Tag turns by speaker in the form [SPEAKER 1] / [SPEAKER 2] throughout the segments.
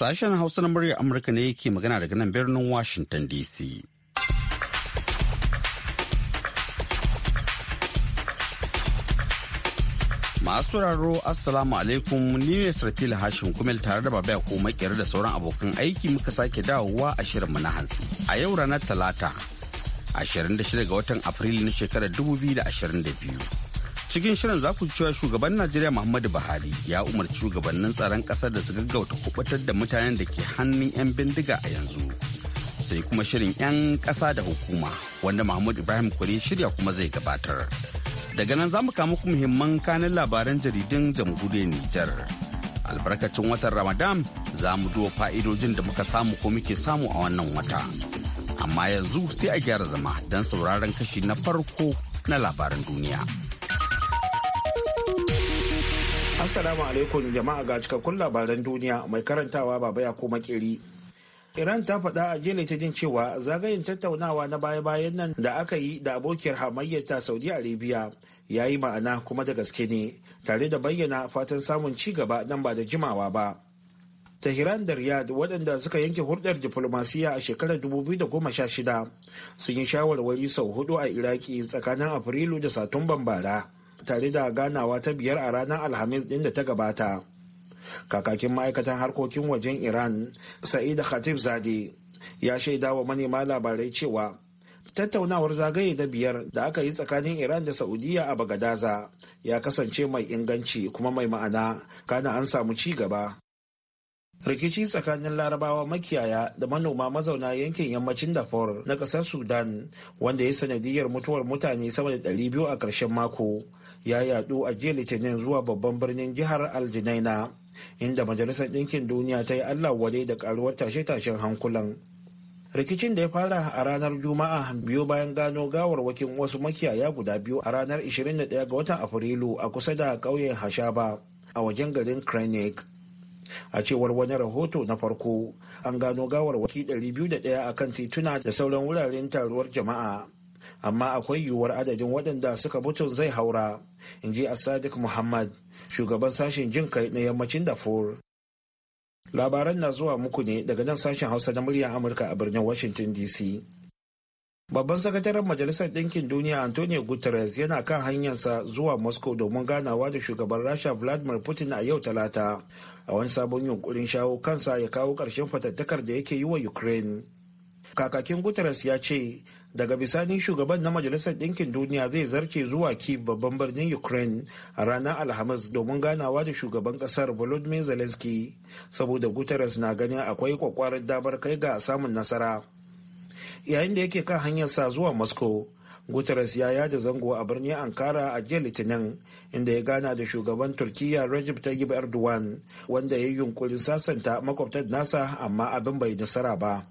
[SPEAKER 1] Sashen Hausa na murya Amurka ne yake magana daga nan birnin Washington DC. Masu raro Assalamu alaikum ni ne Sarfila Hashim Kumel tare da Babaya ko makera da sauran abokan aiki muka sake dawowa a shirinmu na hantsi. A yau ranar Talata, 26 ga watan Afrilu na shekarar 2022. cikin shirin za ku cewa shugaban najeriya muhammadu buhari ya umarci shugabannin tsaron kasar da su gaggauta kubutar da mutanen da ke hannun 'yan bindiga a yanzu sai kuma shirin 'yan kasa da hukuma wanda muhammadu ibrahim kure shirya kuma zai gabatar daga nan za mu kama ku muhimman kanin labaran jaridun jamhuriyar nijar albarkacin watan ramadan za mu duba fa'idojin da muka samu ko muke samu a wannan wata amma yanzu sai a gyara zama don sauraron kashi na farko na labaran
[SPEAKER 2] duniya. Assalamu alaikum jama'a ga cikakkun labaran duniya mai karantawa baba ya koma keri Iran ta faɗa a jiya litinin cewa zagayen tattaunawa na baya-bayan nan da aka yi da abokiyar hamayyata Saudi Arabia ya yi ma'ana kuma da gaske ne tare da bayyana fatan samun ci gaba nan ba da jimawa ba. tahiran da riyad waɗanda suka yanke hulɗar diflomasiya a shekarar 2016 sun yi shawarwari sau hudu a Iraki tsakanin Afrilu da Satumban bara. tare da ganawa ta biyar a ranar alhamis din da ta gabata kakakin ma'aikatan harkokin wajen iran sa'id khatib zade ya shaida wa manema labarai cewa tattaunawar zagaye na biyar da aka yi tsakanin iran da saudiya a bagadaza ya kasance mai inganci kuma mai ma'ana kana an samu ci gaba rikici tsakanin larabawa makiyaya da manoma mazauna yankin yammacin dafor na kasar sudan wanda ya sanadiyar mutuwar mutane sama da 200 a ƙarshen mako ya yadu a jiya litinin zuwa babban birnin jihar aljinaina inda majalisar ɗinkin duniya ta yi allah wadai da karuwar tashe-tashen hankulan rikicin da ya fara a ranar juma'a biyu bayan gano gawar wakin wasu makiyaya guda biyu a ranar 21 ga watan afrilu a kusa da ƙauyen hashaba a wajen garin krenik a cewar wani rahoto na farko an gano gawar gawarwaki 201 a kan tituna da sauran wuraren taruwar jama'a amma akwai yiwuwar adadin waɗanda suka mutu zai haura in ji asadik muhammad shugaban sashen jin kai na yammacin dafur labaran na zuwa muku ne daga nan sashen hausa na muryar amurka a birnin washington dc babban sakataren majalisar ɗinkin duniya antonio guterres yana kan hanyarsa zuwa moscow domin ganawa da shugaban rasha vladimir putin a yau talata a wani sabon yunkurin shawo kansa ya kawo ƙarshen fatattakar da yake yi wa ukraine kakakin guterres ya ce daga bisani shugaban na majalisar ɗinkin duniya zai zarce zuwa kiev babban birnin ukraine a ranar alhamis domin ganawa da shugaban ƙasar volodymyr zelensky saboda guterres na ganin akwai kwakwarar damar kai ga samun nasara yayin da yake kan hanyar sa zuwa moscow guterres ya yada zango a birnin ankara a jiya litinin inda ya gana da shugaban turkiyya recep tayyip erdogan wanda ya yi yunkurin sasanta makwabtar nasa amma abin bai nasara ba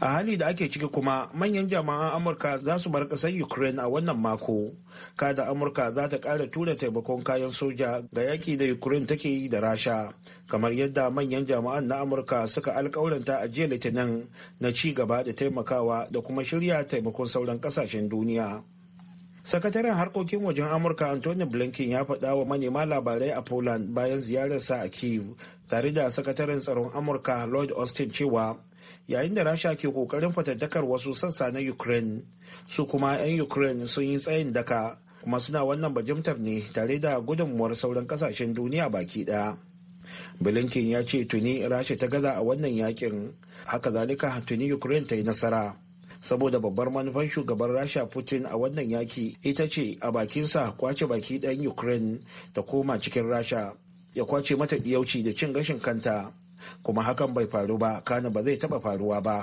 [SPEAKER 2] a hali da ake ciki kuma manyan jama'an amurka za su bar kasar ukraine a wannan mako kada amurka za ta kara tura taimakon kayan soja ga yaki da ukraine take yi da rasha kamar yadda manyan jama'an na amurka suka alkawalanta a jiya litinin na ci gaba da taimakawa da kuma shirya taimakon sauran ƙasashen duniya sakataren harkokin wajen amurka anthony blinken ya faɗa wa manema labarai a poland bayan ziyararsa a kiev tare da sakataren tsaron amurka lloyd austin cewa yayin da rasha ke kokarin fatattakar wasu sassa na ukraine su kuma 'yan ukraine sun yi tsayin daka kuma suna wannan bajimtar ne tare da gudunmuwar sauran kasashen duniya baki daya blinken ya ce tuni rasha ta gaza a wannan yakin haka zalika tuni ukraine ta yi nasara saboda babbar manufan shugaban rasha putin a wannan yaki ita ce a bakinsa kwace baki ɗan ukraine ta koma cikin rasha ya kwace mata diyauci da cin gashin kanta kuma hakan bai faru ba kana ba zai taba faruwa ba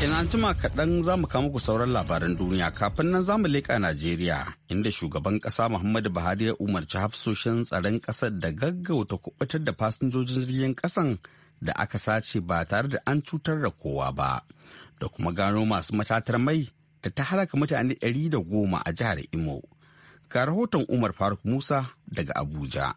[SPEAKER 1] In an jima kaɗan za mu kama ku sauran labaran duniya kafin nan za mu leƙa Najeriya inda shugaban ƙasa Muhammadu Buhari ya umarci hafsoshin tsaron ƙasar da gaggauta kubutar da fasinjojin jirgin ƙasan da aka sace ba tare da an cutar da kowa ba da kuma gano masu matatar mai da ta halaka mutane 110 a jihar Imo. Ga rahoton Umar Faruk Musa daga Abuja.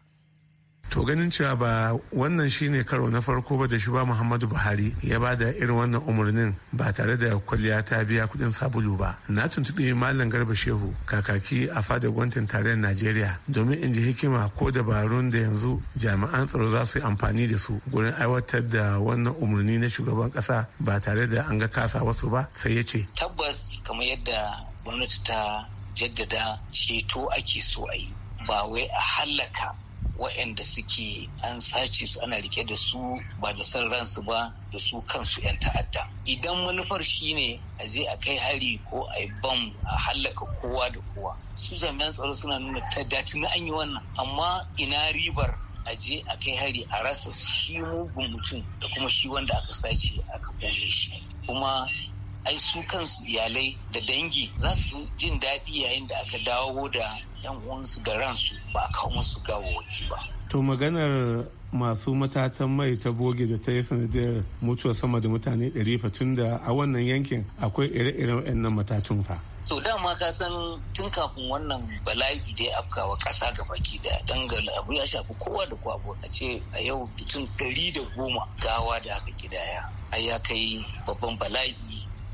[SPEAKER 3] To ganin cewa ba wannan shine karo na farko ba da ba Muhammadu Buhari ya ba da irin wannan umarnin ba tare da kwalliya ta biya kudin sabulu ba. Na tuntuɓe Malam Garba Shehu kakaki a fadar gwamnatin tarayyar Najeriya domin in ji hikima ko dabarun da yanzu jami'an tsaro za su yi amfani da su gurin aiwatar da wannan umarni na shugaban ƙasa ba tare da an ga kasa wasu ba sai ya ce.
[SPEAKER 4] Tabbas kamar yadda gwamnati ta jaddada ceto ake so a yi ba wai a hallaka waɗanda suke an sace su ana rike da su ba da san ransu ba da su kansu 'yan ta'adda idan manufar shi ne a je a kai hari ko a yi bam a hallaka kowa da kowa su jami'an tsaro suna nuna ta dati na anyi yi wannan amma ina ribar a je a kai hari a rasa shi mugun mutum da kuma shi wanda aka sace aka ɓoye shi kuma ai su kansu iyalai da dangi za su jin daɗi yayin da
[SPEAKER 3] aka dawo da yan uwansu da ransu ba a kawo musu gawawaki ba. To maganar masu matatan mai ta boge da ta yi sanadiyar mutuwa sama da mutane ɗari fa tun da a wannan yankin akwai ire-iren wannan matatun fa.
[SPEAKER 4] to dama ka san tun kafin wannan bala'i da ya afkawa ƙasa ga baki daya dangane abu ya shafi kowa da kowa a ce a yau mutum ɗari da goma gawa da aka gidaya a ya kai babban bala'i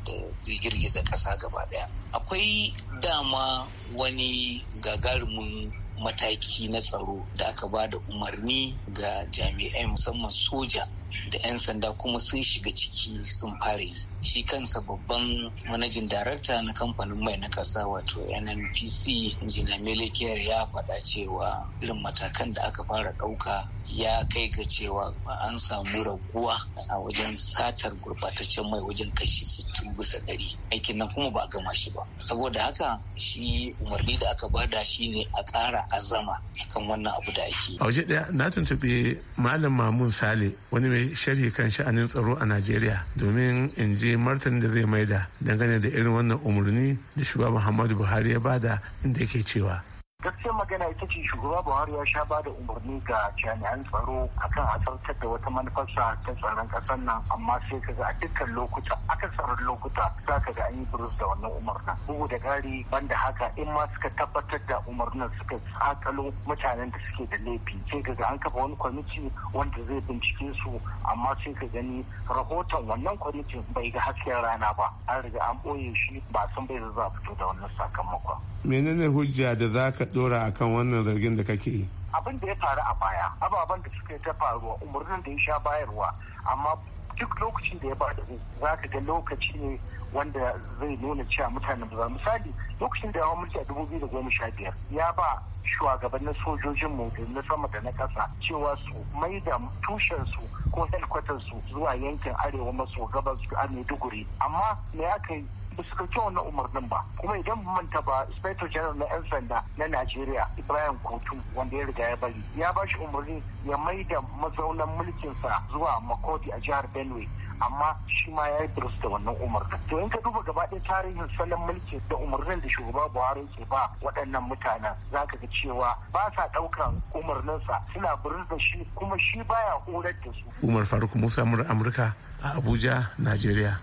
[SPEAKER 4] da zai girgiza ƙasa gaba ɗaya. Akwai dama wani gagarumin mataki na tsaro da aka ba da umarni ga jami'ai musamman soja da 'yan sanda kuma sun shiga ciki sun fara yi shi kansa babban manajin darakta na kamfanin mai na kasa wato nnpc injina melekiyar ya faɗa cewa irin matakan da aka fara ɗauka ya kai ga cewa ba an samu raguwa a wajen satar gurbataccen mai wajen kashi 60 bisa ɗari aikin nan kuma ba a gama shi ba saboda haka shi umarni da aka bada shi ne a ƙara azama kan wannan abu da ake a waje
[SPEAKER 3] ɗaya na tuntuɓe malam mamun sale wani mai sharhi kan sha'anin tsaro a najeriya domin in je martani da zai maida dangane da irin wannan umarni da shugaba muhammadu buhari ya bada inda yake cewa
[SPEAKER 5] gaskiyar magana ita ce shugaba buhari ya sha bada umarni ga jami'an tsaro akan asartar da wata manufarsa ta tsaron kasar nan amma sai ka ga a dukkan lokuta aka tsaron lokuta za ka ga an yi burus da wannan umarnin bugu da ƙari banda haka in ma suka tabbatar da umarnin suka tsakalo mutanen da suke da laifi sai ka ga an kafa wani kwamiti wanda zai bincike su amma sai ka gani rahoton wannan kwamitin bai ga hasken rana ba an riga an ɓoye shi ba sun bai za a fito da wannan sakamakon
[SPEAKER 3] menene hujja da za ka dora akan wannan zargin da kake yi
[SPEAKER 5] abin da ya faru a baya ababen da suka ta faruwa umarnin da ya sha bayarwa amma duk lokacin da ya ba da za ka ga lokaci ne wanda zai nuna cewa mutane ba misali lokacin da ya mulki a dubu biyu da goma sha biyar ya ba shugabannin sojojin mu na sama da na ƙasa cewa su mai da tushen su ko helikwatar su zuwa yankin arewa maso gabas a maiduguri amma me aka yi ba su ɗauki wannan umarnin ba kuma idan manta ba inspector general na yan sanda na najeriya ibrahim kotu wanda ya riga ya bari ya ba shi umarni ya mai da mazaunan mulkinsa zuwa makodi a jihar benue amma shi ma ya yi da wannan umarnin to in ka duba gaba ɗaya tarihin salon mulki da umarnin da shugaba buhari ke ba waɗannan mutanen za ka ga cewa ba sa ɗaukan umarninsa suna birin da shi kuma shi baya horar da
[SPEAKER 3] su umar faruk musa amurka a abuja najeriya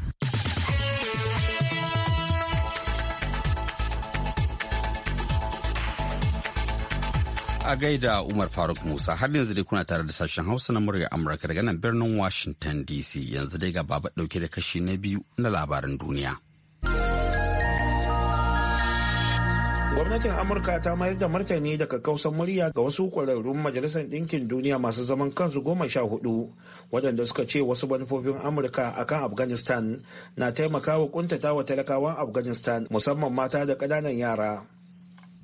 [SPEAKER 1] a gaida Umar Faruk Musa har yanzu dai kuna tare da sashen Hausa na murya Amurka daga nan birnin Washington DC yanzu dai ga baba dauke da kashi na biyu na labaran
[SPEAKER 2] duniya. Gwamnatin Amurka ta mayar da martani daga kausan murya ga wasu ƙwararrun Majalisar Ɗinkin Duniya masu zaman kansu goma sha hudu wadanda suka ce wasu manufofin Amurka a kan Afghanistan na taimakawa kuntatawa talakawan Afghanistan musamman mata da ƙananan yara.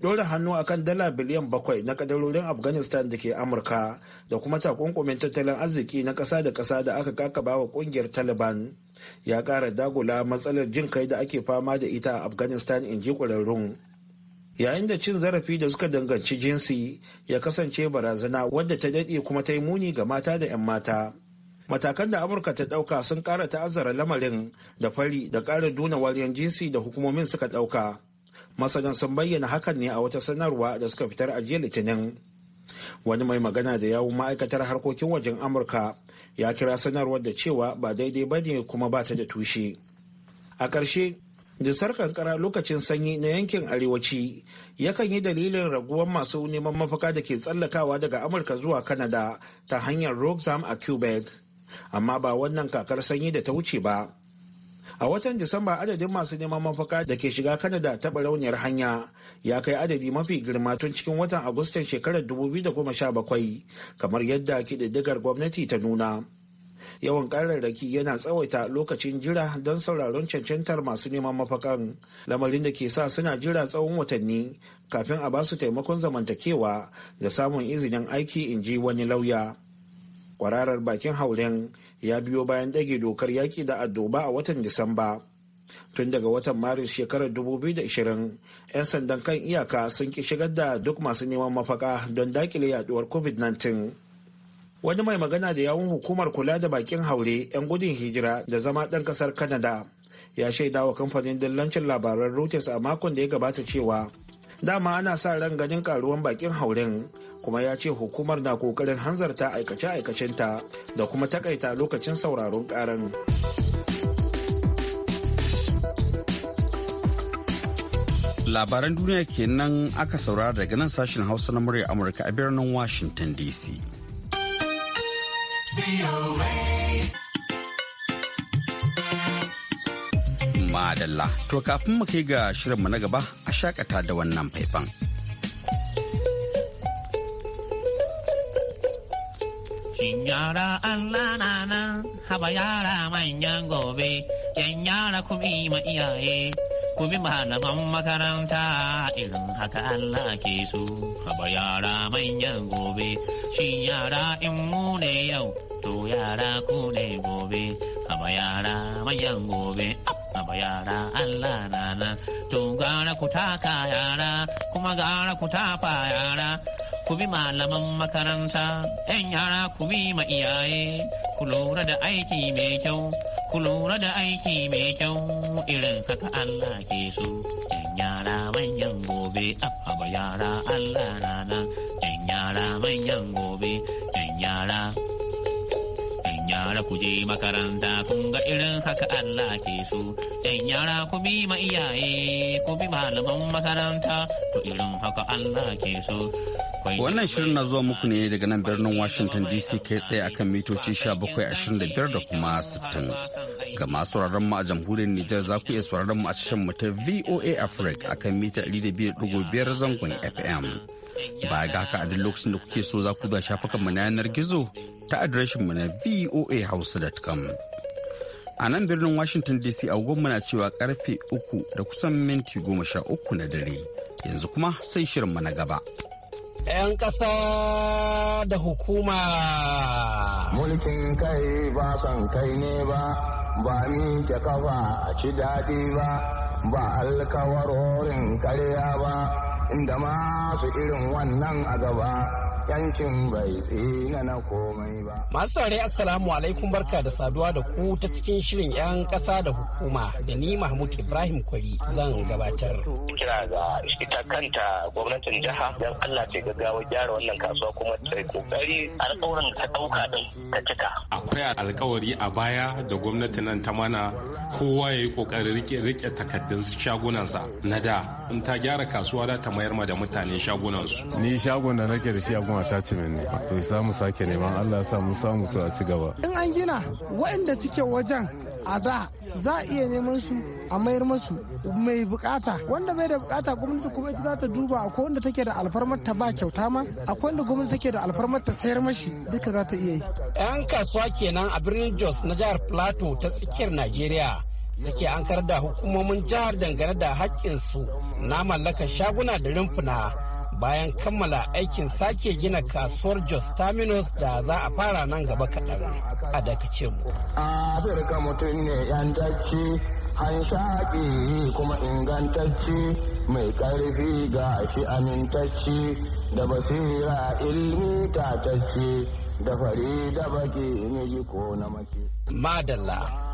[SPEAKER 2] dora hannu akan dala biliyan bakwai na kadarorin afghanistan da ke amurka da kuma takunkumin tattalin arziki na ƙasa da ƙasa da aka kakaba wa ƙungiyar taliban ya ƙara dagula matsalar jin kai da ake fama da ita a afghanistan in ji ƙwararrun yayin da cin zarafi da suka danganci jinsi ya kasance barazana wadda ta daɗe kuma ta yi muni ga mata da 'yan mata matakan da amurka ta ɗauka sun ƙara ta'azzara lamarin da fari da ƙara duna wariyar jinsi da hukumomin suka ɗauka masanan sun bayyana hakan ne a wata sanarwa da suka fitar a jiya litinin wani mai magana da yawun ma'aikatar harkokin wajen amurka ya kira sanarwar da cewa ba daidai ba ne kuma ba ta da tushe a ƙarshe jisar kankara lokacin sanyi na yankin arewaci yakan yi dalilin raguwar masu neman mafaka da ke tsallakawa daga amurka zuwa kanada ta hanyar roxham a quebec amma ba wannan kakar sanyi da ta wuce ba a watan disamba adadin masu neman mafaka da ke shiga kanada ta barauniyar hanya ya kai adadi mafi girma tun cikin watan agustan shekarar 2017 kamar yadda kididdigar gwamnati ta nuna yawan ƙararraki yana tsawaita lokacin jira don sauraron cancantar masu neman mafakan lamarin da ke sa suna jira tsawon watanni kafin a basu taimakon zamantakewa da samun izinin aiki in ji wani lauya kwararar bakin hauren ya biyo bayan ɗage dokar yaƙi da addoba a watan Disamba. Tun daga watan Maris shekarar 2020, 'yan sandan kan iyaka sun ki shigar da duk masu neman mafaka don dakile yaduwar COVID-19. Wani mai magana da yawun hukumar kula da bakin haure 'yan gudun hijira da zama ɗan ƙasar Canada ya shaidawa kamfanin dillancin labaran Reuters a makon da ya gabata cewa dama ana sa ran ganin karuwan bakin hauren kuma ya ce hukumar na kokarin hanzarta aikace ta da kuma takaita lokacin sauraron karan.
[SPEAKER 1] labaran duniya kenan aka saurara daga nan sashen hausa na murya amurka a birnin washington dc. Dalla To kafin mu kai ga mu na gaba a shakata da wannan faifan.
[SPEAKER 6] Shin yara Allah na nan haba yara manyan gobe, yan yara ku bi ma iyaye, ku bi malaman makaranta irin haka Allah ke so, haba yara manyan gobe, shin yara in mu ne yau. to yara ko ne gobe haba yara manyan gobe haba yara Allah na to gara ku taka yara kuma gara ku tafa yara ku bi malaman makaranta 'yan yara ku bi ma iyaye ku lura da aiki mai kyau ku lura da aiki mai kyau irin haka Allah ke so. ‘Yan yara manyan gobe, abba yara Allah rana, ‘yan yara manyan gobe, ‘yan yara. yara ku je makaranta kun ga irin haka Allah ke so. Ɗan yara ku bi ma iyaye ku bi malaman makaranta to irin haka Allah ke so. Wannan
[SPEAKER 1] shirin na zuwa muku ne daga nan birnin Washington DC kai tsaye akan mitoci 1725 da kuma 60. Ga masu sauraron mu a jamhuriyar Nijar za ku iya sauraron mu a cikin mu ta VOA Africa akan mita 200.5 zangon FM. Ba ga haka a duk lokacin da kuke so za ku zuwa shafukanmu na yanar gizo ta mu na voahouse.com A nan birnin Washington DC agogon muna cewa karfe uku da kusan minti goma sha uku na dare. Yanzu kuma sai shirinmu na
[SPEAKER 7] gaba. 'Yan ƙasa da hukuma. Mulkin kai ba son kai ne ba, ba mi kafa a ci daɗi ba, ba alkawarorin karya ba. inda masu irin wannan a gaba yancin bai tsina na komai ba. Masu
[SPEAKER 8] saurari assalamu alaikum barka da saduwa da ku ta cikin shirin 'yan ƙasa da hukuma da ni Mahmud Ibrahim Kwari zan gabatar.
[SPEAKER 6] Kira ga ita kanta gwamnatin jiha don Allah ta gaggawa gyara wannan kasuwa kuma ta yi kokari alƙawarin ta ɗauka din
[SPEAKER 9] ta cika. Akwai alƙawari a baya da gwamnati nan ta mana kowa ya yi ƙoƙarin rike takardun shagunansa na da. In ta gyara kasuwa za ta mayar ma da mutane
[SPEAKER 10] shagunansu. Ni shagon da nake da shi kuma attachment ne to sa mu sake neman Allah ya sa mu samu su a ci gaba
[SPEAKER 11] in an gina waɗanda suke wajen a da za a iya neman su a mayar masu mai bukata wanda bai da bukata gwamnati kuma ita za ta duba akwai wanda take da alfarmar ta ba kyauta ma akwai wanda gwamnati take da alfarmar ta sayar mashi duka za ta iya yi
[SPEAKER 8] yan kasuwa kenan a birnin jos na jihar plateau ta tsakiyar nigeria suke ankar da hukumomin jihar dangane da haƙƙinsu na mallakar shaguna da rumfuna bayan kammala aikin sake gina kasuwar Jos Terminus da za a fara nan gaba kaɗan a dakace mu.
[SPEAKER 7] Afirka mutum ne yantacci, hanshaƙi kuma ingantacci mai ƙarfi ga shi amintacci da basira ilmi tatacci da fari da baki ne ko na mace.
[SPEAKER 8] Madalla.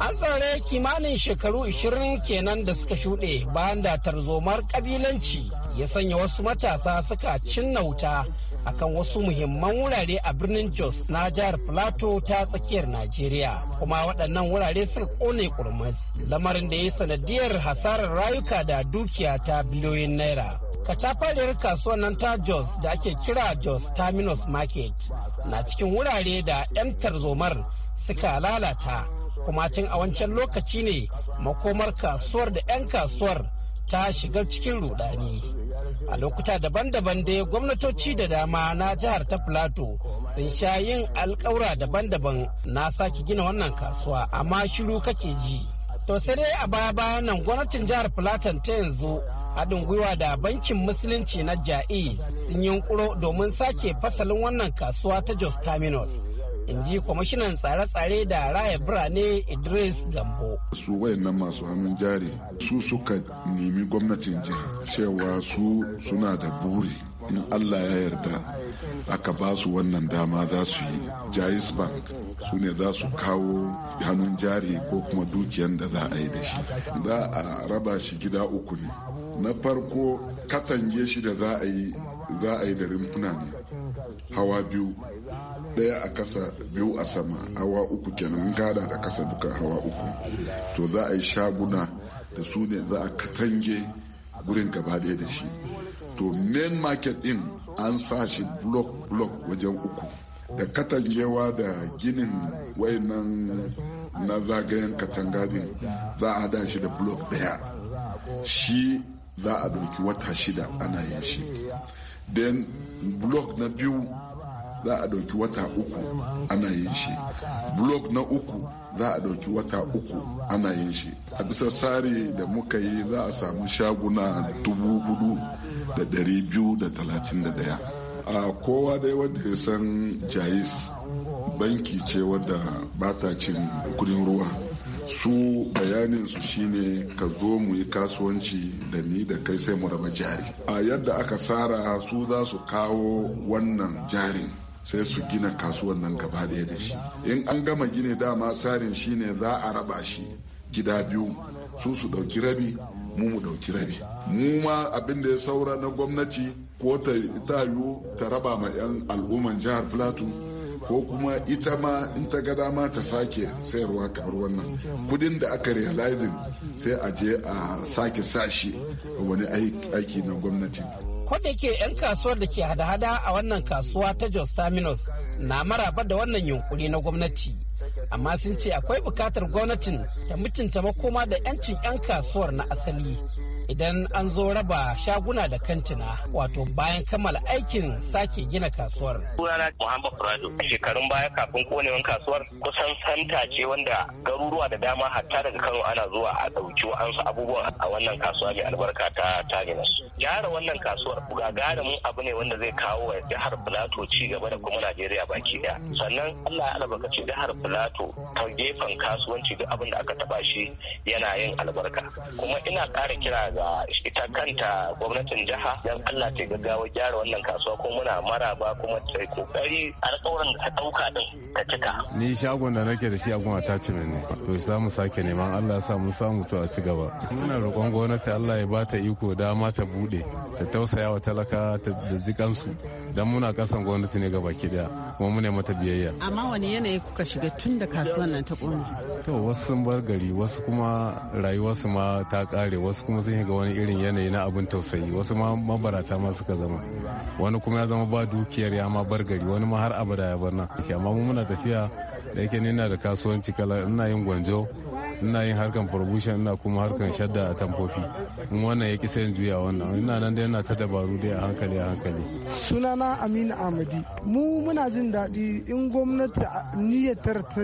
[SPEAKER 8] An tsare kimanin shekaru 20 kenan da suka shuɗe bayan da tarzomar ƙabilanci ya sanya wasu matasa suka cinna wuta akan wasu muhimman wurare a birnin Jos na jihar Plato ta tsakiyar Najeriya. Kuma waɗannan wurare suka ƙone ƙurmus, lamarin da ya sanadiyar hasarar rayuka da dukiya ta biliyoyin naira. Katafariyar kasuwar nan ta Jos da ake kira Jos Terminus Market na cikin wurare da 'yan tarzomar suka lalata kuma tun a wancan lokaci ne makomar kasuwar da 'yan kasuwar ta shiga cikin rudani a lokuta daban-daban da gwamnatoci da dama na jihar ta plato sun sha yin alkawura daban-daban na sake gina wannan kasuwa amma shiru kake ji to sai dai a baya-bayan gwamnatin jihar plateau ta yanzu haɗin gwiwa da bankin musulunci na ja'iz sun yunkuro domin sake fasalin wannan kasuwa ta jos terminus in ji kwamishinan tsare-tsare da raya birane idris gambo
[SPEAKER 12] su wayannan masu hannun jari su suka nemi gwamnatin jiha cewa su suna da buri in allah ya yarda aka ba su wannan dama za su yi jais bank su ne za su kawo hannun jari ko kuma dukiyan da za a yi da shi za a raba shi gida uku ne na farko katange shi da za a yi da rimfuna ne hawa biyu daya a kasa biyu a sama hawa uku kenan gada da kasa duka hawa uku to za a yi shaguna da su ne za a katange gurin gaba daya da shi to main market din an sa shi block block wajen uku da katangewa da ginin wayannan na zagayen katanga din za a hada shi da block daya shi za a ɗauki wata shida ana yin shi den block na biyu za a ɗauki wata uku ana yin shi blok na uku za a ɗauki wata uku ana yin shi a bisa tsari da muka yi za a samu shaguna dubu hudu da dari biyu da talatin da ɗaya. a kowa dai wanda ya san jais banki ce wadda ba ta cin kudin ruwa su bayanin su shine ka zo mu yi kasuwanci da ni da kai sai mu raba jari a yadda aka tsara su za su kawo wannan jarin sai su gina kasuwan nan gaba daya da shi in an gama gini dama tsarin shine za a raba shi gida biyu su su dauki rabi mu mu dauki rabi mu ma abin da ya saura na gwamnati ko ta yiwu ta raba ma 'yan al'umman jihar plateau ko kuma ita ma in ta ga dama ta sake sayarwa kamar wannan kudin da aka realizing sai a je a sake sashi wani aiki na gwamnati.
[SPEAKER 8] da yake 'yan kasuwar da ke hada-hada a wannan kasuwa ta Jos Terminus na maraba da wannan yunkuri na gwamnati. Amma sun ce akwai bukatar gwamnatin ta mutunta makoma da 'yancin 'yan kasuwar na asali. Idan an zo raba shaguna da kantina wato bayan kammala aikin sake gina kasuwar.
[SPEAKER 6] Sunana Muhammad Furado shekarun baya kafin konewan kasuwar kusan santa ce wanda garuruwa da dama hatta daga Kano ana zuwa a ɗauki wa'ansu abubuwan a wannan kasuwa mai albarka ta Terminus. gyara wannan kasuwar buga mu abu ne wanda zai kawo wa jihar Filato ci gaba da kuma Najeriya baki daya. Sannan Allah ya albarkaci jihar Filato ta gefen kasuwanci duk abin da aka taba shi yana yin albarka. Kuma ina ƙara kira ga ita kanta gwamnatin jiha Dan Allah ta gaggawa gyara wannan kasuwa ko muna maraba kuma ta kokari alƙawarin da ta ɗauka din ta cika.
[SPEAKER 10] Ni shagon da nake da shi a goma ta ci ne. To samu sake neman Allah ya mu samu to a ci gaba. Muna roƙon gwamnati Allah ya bata iko dama ta buɗe buɗe ta tausaya wa talaka da jikansu don muna kasan gwamnati ne ga baki daya kuma muna mata biyayya
[SPEAKER 8] amma wani yanayi kuka shiga tun da kasuwan nan ta kone
[SPEAKER 10] to wasu sun bar gari wasu kuma rayuwarsu ma ta kare wasu kuma sun shiga wani irin yanayi na abin tausayi wasu ma mabarata ma suka zama wani kuma ya zama ba dukiyar ya ma bar gari wani ma har abada ya bar nan amma mu muna tafiya da yake ni na da kasuwanci kala ina yin gwanjo ina yin harkan promotion ina kuma harkan shadda a tamfofi in wannan ya kisa yin juya wannan ina nan dai yana ta dabaru dai a hankali a hankali
[SPEAKER 11] sunana aminu amadi mu muna jin daɗi in gwamnati niyyatar ta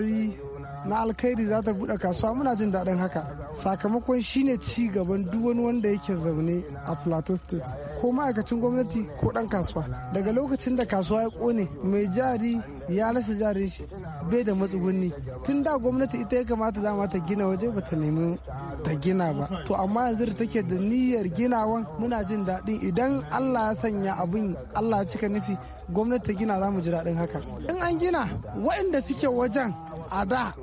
[SPEAKER 11] na alkhairi za ta buɗe kasuwa muna jin daɗin haka sakamakon shine ci gaban duk wani wanda yake zaune a plateau state ko ma'aikacin gwamnati ko dan kasuwa daga lokacin da kasuwa ya kone mai jari ya rasa jarin shi bai da matsugunni tun da gwamnati ita ya kamata dama ta gina waje ba ta nemi ta gina ba to amma yanzu da take da niyyar ginawan muna jin daɗin idan allah ya sanya abin allah ya cika nufi gwamnati ta gina za mu ji daɗin haka in an gina waɗanda
[SPEAKER 8] suke wajen a da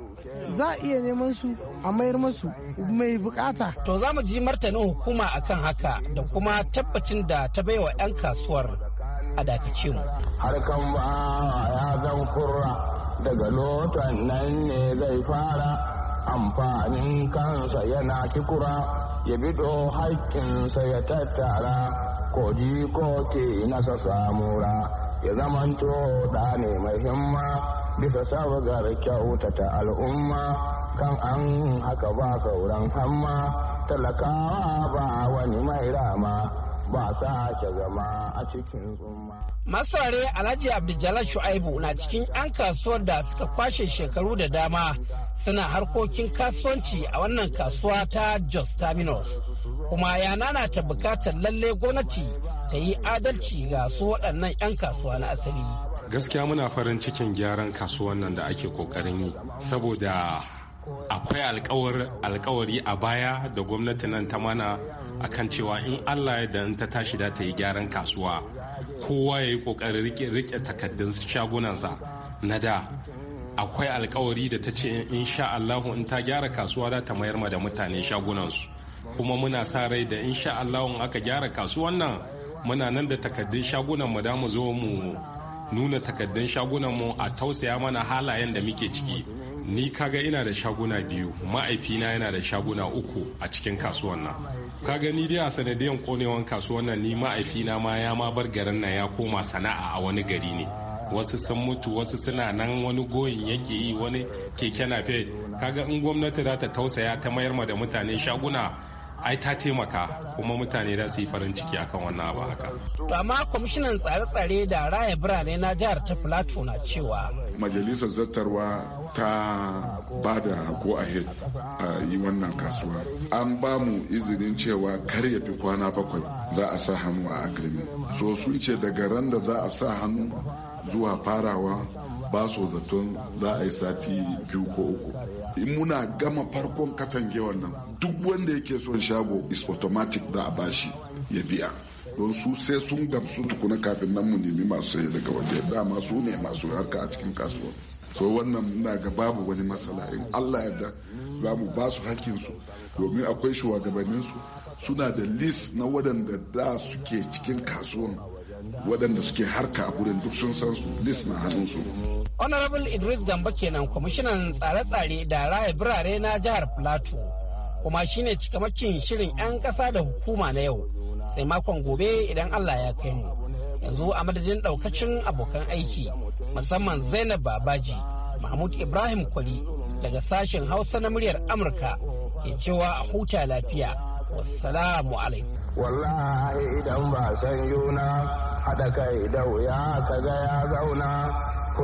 [SPEAKER 8] za a iya neman su a mayar masu mai bukata. To za mu ji martanin hukuma akan haka da kuma tabbacin da ta baiwa 'yan
[SPEAKER 7] kasuwar a dakace mu. Harkan ba ya zan kurra daga lotan nan ne zai fara amfanin kansa yana kikura ya bido haƙƙinsa ya tattara ko ji ko ke nasa samura ya zamanto da ne mai himma bisa sabagar kyautata al'umma kan an haka ba sauran hamma talakawa ba wani mai rama ba sa ke zama a cikin tsumma.
[SPEAKER 8] Masare Alhaji Abduljalal Shu'aibu na cikin 'yan kasuwar da suka kwashe shekaru da dama suna harkokin kasuwanci a wannan kasuwa ta Jos Terminus. Kuma ya ta bukatar lalle gwamnati ta yi adalci ga su waɗannan 'yan kasuwa na asali.
[SPEAKER 9] gaskiya muna farin cikin gyaran kasuwan nan da ake kokarin yi saboda akwai alkawari a baya da gwamnati nan ta mana akan cewa in allah ya da ta tashi da ta yi gyaran kasuwa kowa ya yi kokarin rike takaddun shagunansa na da akwai alkawari da ta ce in sha allahu in ta gyara kasuwa da ta mayar ma da mutane shagunansu kuma muna sa rai da in sha allahu in aka gyara kasuwan nan muna nan da takaddun shagunan mu da mu zo mu nuna takaddun shagunan mu a tausaya mana halayen da muke ciki ni kaga ina da shaguna biyu ma'aifina yana da shaguna uku a cikin kasuwan nan kaga ni dai a sanadiyan konewan kasuwan nan ni ma'aifina ma ya ma bar garin nan ya koma sana'a a wani gari ne wasu sun mutu wasu suna nan wani goyin yake yi wani keke nafe kaga in gwamnati za ta tausaya ta mayar ma da mutane shaguna ai ta taimaka kuma mutane za su yi farin ciki akan wannan abu haka. To
[SPEAKER 10] amma
[SPEAKER 8] kwamishinan tsare-tsare da raya birane na jihar ta Plateau na cewa.
[SPEAKER 12] Majalisar zattarwa ta ba da go ahead a yi wannan kasuwa. An ba mu izinin cewa kar ya fi kwana bakwai za a sa hannu a agreement. So sun ce daga ran da za a sa hannu zuwa farawa ba so zaton za a yi sati biyu ko uku. In muna gama farkon katange wannan duk wanda yake son shago is automatic da a bashi ya biya don su sai sun gamsu tukuna kafin nan mu nemi masu sai daga waje dama su ne masu harka a cikin kasuwa so wannan muna ga babu wani matsala in allah yadda za mu ba su hakkinsu domin akwai su suna da list na waɗanda da suke cikin kasuwan wadanda suke harka a gurin duk sun san su list na hannunsu.
[SPEAKER 8] honorable idris gamba kenan kwamishinan tsare-tsare da raya birare na jihar plateau kuma shine cikamakin shirin 'yan ƙasa da hukuma na yau sai makon gobe idan Allah ya kai mu yanzu a madadin ɗaukacin abokan aiki musamman zainab babaji mahmud ibrahim kwali daga sashen hausa na muryar amurka ke cewa a huta lafiya wassalamu alaikum
[SPEAKER 7] wallahi idan ba san yuna haɗa kai da wuya ya zauna To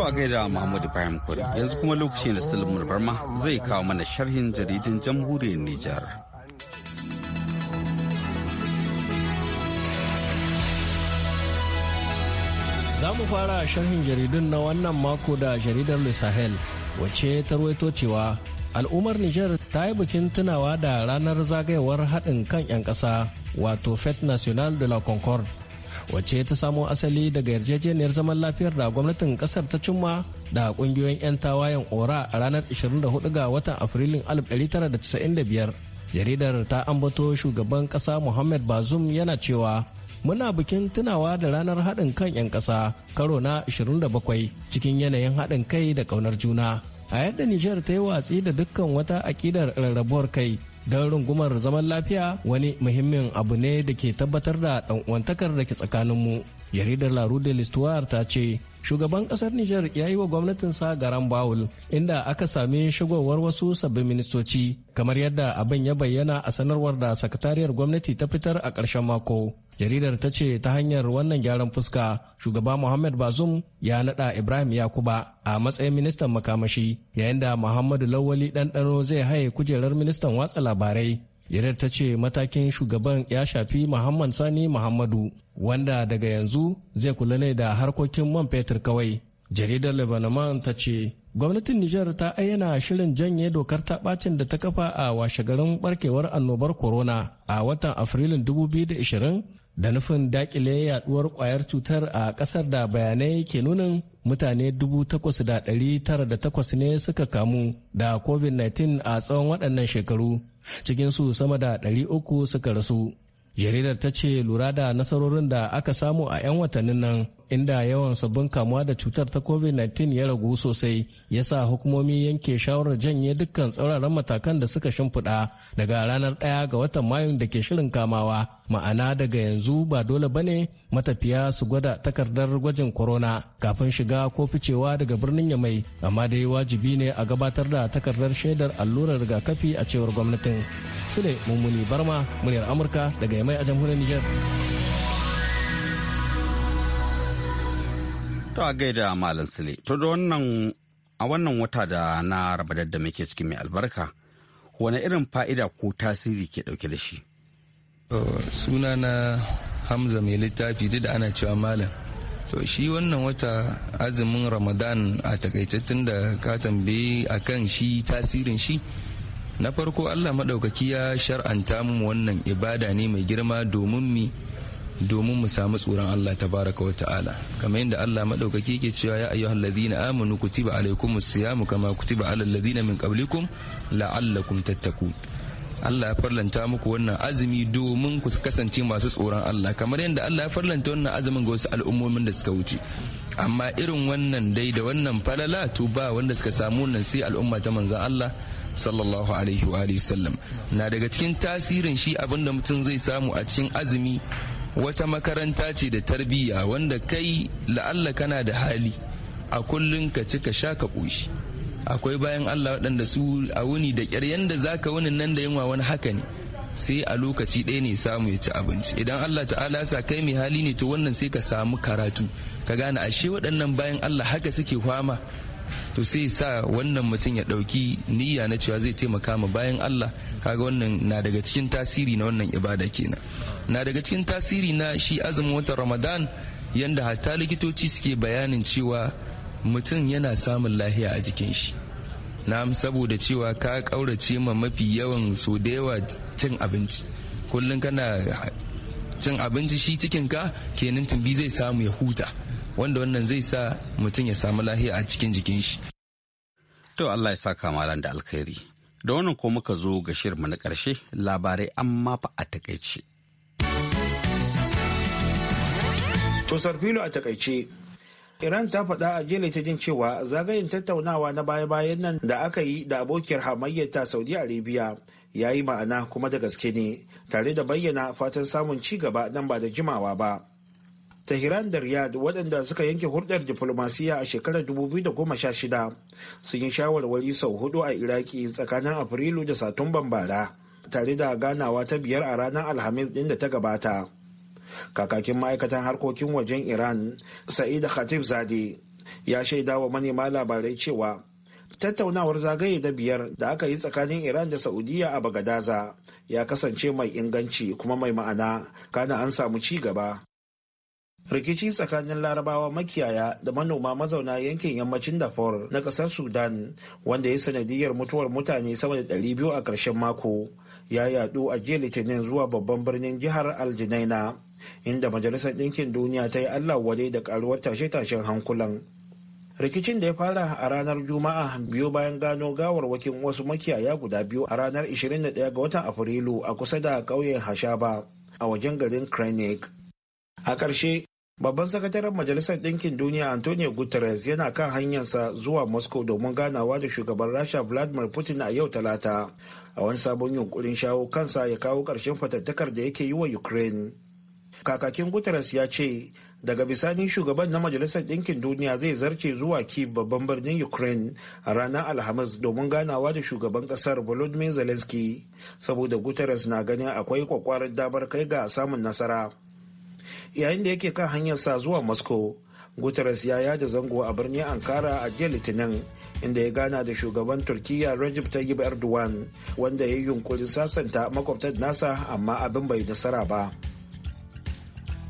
[SPEAKER 1] a gaida Mahmud Ibrahim Kuri yanzu kuma lokaci da Sulmur Barma zai kawo mana sharhin jaridin jamhuriyar Nijar.
[SPEAKER 13] Za mu fara sharhin jaridun na wannan mako da jaridar Sahel wacce ta ruwaito cewa al'ummar Nijar ta yi bikin tunawa da ranar zagayowar haɗin kan 'yan ƙasa wato Fete National de la Concorde wacce ta samo asali daga yarjejeniyar zaman lafiyar da gwamnatin kasar ta cimma da kungiyoyin 'yan tawayen ora a ranar 24 ga watan afrilun 1995 jaridar ta ambato shugaban kasa muhammad bazum yana cewa muna bikin tunawa da ranar haɗin kan 'yan ƙasa karo na 27 cikin yanayin haɗin kai da ƙaunar juna a yadda nijar ta yi watsi da dukkan wata aƙidar rarrabuwar kai don rungumar zaman lafiya wani muhimmin abu ne da ke tabbatar da ɗan'uwantakar da ke tsakaninmu jaridar la rue de l'histoire ta ce shugaban kasar niger ya yi wa gwamnatinsa garan bawul inda aka sami shigowar wasu sabbin ministoci kamar yadda abin ya bayyana a sanarwar da sakatariyar gwamnati ta fitar a ƙarshen mako jaridar ta ce ta hanyar wannan gyaran fuska shugaba muhammad bazum ya nada ibrahim yakuba a matsayin ministan makamashi yayin da muhammadu lawali ɗanɗano zai haye kujerar ministan watsa labarai jaridar ta ce matakin shugaban ya shafi muhammad sani muhammadu wanda daga yanzu zai kula ne da harkokin man fetur kawai jaridar lebanon ta ce gwamnatin nijar ta ayyana shirin janye dokar ta bacin da ta kafa a washegarin barkewar annobar corona a watan afrilun 2020 da nufin dakile yaduwar kwayar cutar a kasar da bayanai ke nunin mutane 8,908 ne suka kamu da covid-19 a tsawon waɗannan shekaru cikin su sama da 300 suka rasu jaridar ta ce lura da nasarorin da aka samu a 'yan watannin nan inda yawan sabbin kamuwa da cutar ta covid-19 ya ragu sosai ya sa hukumomi yanke shawarar janye dukkan tsauraran matakan da suka shimfiɗa daga ranar ɗaya ga watan mayun da ke shirin kamawa ma'ana daga yanzu ba dole ba ne matafiya su gwada takardar gwajin corona kafin shiga ko ficewa daga birnin yamai amma dai wajibi ne a gabatar da takardar shaidar allurar rigakafi a cewar gwamnatin sule mummuni barma muryar amurka daga yamai a jamhuriyar niger
[SPEAKER 1] To a gaida Malam Sule. To da wannan a wannan wata da na rabadar da muke cikin mai albarka, wani irin fa'ida ko tasiri ke dauke da shi?
[SPEAKER 14] Suna na Hamza mai littafi duk da ana cewa Malam. To shi wannan wata azumin Ramadan a tun da ka tambaye kan shi tasirin shi. Na farko Allah maɗaukaki ya shar'anta mu wannan ibada ne mai girma domin mi domin mu samu tsoron Allah tabaraka wa ta'ala kamar yadda Allah madaukaki ke cewa ya ayyuhal ladina amanu kutiba alaikumus mu kama kutiba alal ladina min qablikum la'allakum tattaqun Allah ya farlanta muku wannan azumi domin ku kasance masu tsoron Allah kamar yadda Allah ya farlanta wannan azumin ga wasu al'ummomin da suka wuce amma irin wannan dai da wannan falala to ba wanda suka samu wannan sai al'umma ta manzon Allah sallallahu alaihi wa sallam na daga cikin tasirin shi abinda mutum zai samu a cikin azumi wata makaranta ce da tarbiyya wanda kai la'alla kana da hali a kullum ka ci ka sha ka ƙoshi akwai bayan allah waɗanda su a wuni da ƙyar yanda za ka wunin nan da yunwa wani haka ne sai a lokaci ɗaya ne samu ya ci abinci idan allah ta'ala sa kai mai hali ne to wannan sai ka samu karatu ka gane ashe waɗannan bayan allah haka suke fama to sai sa wannan mutum ya ɗauki niyya na cewa zai taimaka ma bayan Allah kaga wannan na daga cikin tasiri na wannan ibada kenan na daga cikin tasiri na shi azumin watan Ramadan yanda hatta likitoci suke bayanin cewa mutum yana samun lahiya a jikin shi na'am saboda cewa ka kaurace ma mafi yawan so da yawa cin abinci kullum kana cin abinci shi cikin ka kenan tumbi zai samu ya huta wanda wannan zai sa mutum ya samu lahiya a cikin jikin shi
[SPEAKER 1] to Allah ya saka malam da alkhairi da wannan ko muka zo ga mu na karshe labarai amma fa a takaice
[SPEAKER 2] to sarfilo a takaice Iran ta faɗa a jiya ta jin cewa zagayen tattaunawa na baya-bayan nan da aka yi da abokiyar hamayyar ta Saudi Arabia ya yi ma'ana kuma da gaske ne, tare da bayyana fatan samun ci gaba nan ba da jimawa ba. Tehran da Riyadh waɗanda suka yanke hulɗar diflomasiya a shekarar 2016 sun yi shawarwari sau hudu a Iraki tsakanin Afrilu da Satumban bara tare da ganawa ta biyar a ranar Alhamis ɗin da ta gabata. Kakakin ma'aikatan harkokin wajen Iran, Sa'id Khatib Zade, ya shaida wa manema labarai cewa tattaunawar zagaye da biyar da aka yi tsakanin iran da saudiya a bagadaza ya kasance mai inganci kuma mai ma'ana kana an samu ci gaba rikici tsakanin larabawa makiyaya da manoma mazauna yankin yammacin darfur na kasar sudan wanda ya sanadiyar mutuwar mutane sama da 200 a ƙarshen mako ya yadu a jiya litinin zuwa babban birnin jihar aljinaina inda majalisar ɗinkin duniya ta yi allah wadai da karuwar tashe-tashen hankulan rikicin da ya fara a ranar juma'a biyu bayan gano gawarwakin wasu makiyaya guda biyu a ranar 21 ga watan afrilu a kusa da ƙauyen hashaba a wajen garin krenik a ƙarshe Babban sakataren Majalisar Ɗinkin Duniya Antonio Guterres yana kan hanyarsa zuwa Moscow domin ganawa da shugaban Rasha Vladimir Putin a yau Talata, a wani sabon yunkurin shawo kansa ya kawo ƙarshen fatattakar da yake yi wa Ukraine. Kakakin Guterres ya ce, daga bisanin shugaban na Majalisar Ɗinkin Duniya zai zarce zuwa Kiev babban birnin Ukraine a ranar Alhamis domin ganawa da shugaban ƙasar Volodymyr Zelensky, saboda Guterres na ganin akwai kwakwarar damar kai ga samun nasara. yayin da yake kan sa zuwa moscow guterres ya yada zango a birnin ankara a jiya litinin inda ya gana da shugaban turkiyya Recep Tayyip Erdogan wanda ya yi yunkurin sasanta makwabtar nasa amma abin bai nasara ba.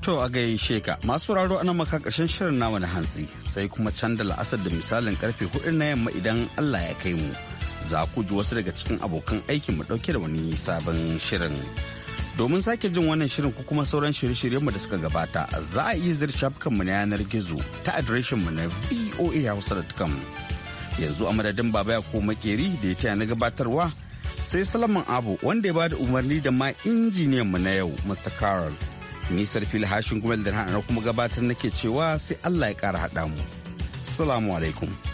[SPEAKER 1] To a gaishe sheka masu raro ana maka ƙarshen shirin namu na hantsi sai kuma can da la'asar da misalin karfe hudu na yamma idan Allah ya kai mu. Za ku ji wasu daga cikin abokan aikin mu ɗauke da wani sabon shirin. Domin sake jin wannan shirin ko kuma sauran shirye-shiryenmu da suka gabata za a iya zirce mu na yanar gizo ta adireshinmu na voahausa.com. Yanzu a madadin baba ya koma makeri da ya taya na gabatarwa sai Salaman Abu wanda ya bada umarni da ma injiniyan mu na yau Mr. Carol. Nisar fil hashin kuma da na kuma gabatar nake cewa sai Allah ya kara haɗa mu. Salamu alaikum.